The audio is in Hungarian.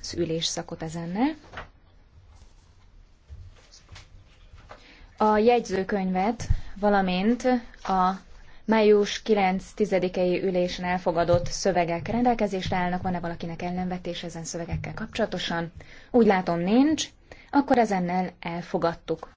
az ülésszakot ezennel. A jegyzőkönyvet, valamint a május 9-10-i ülésen elfogadott szövegek rendelkezésre állnak. Van-e valakinek ellenvetés ezen szövegekkel kapcsolatosan? Úgy látom nincs, akkor ezennel elfogadtuk.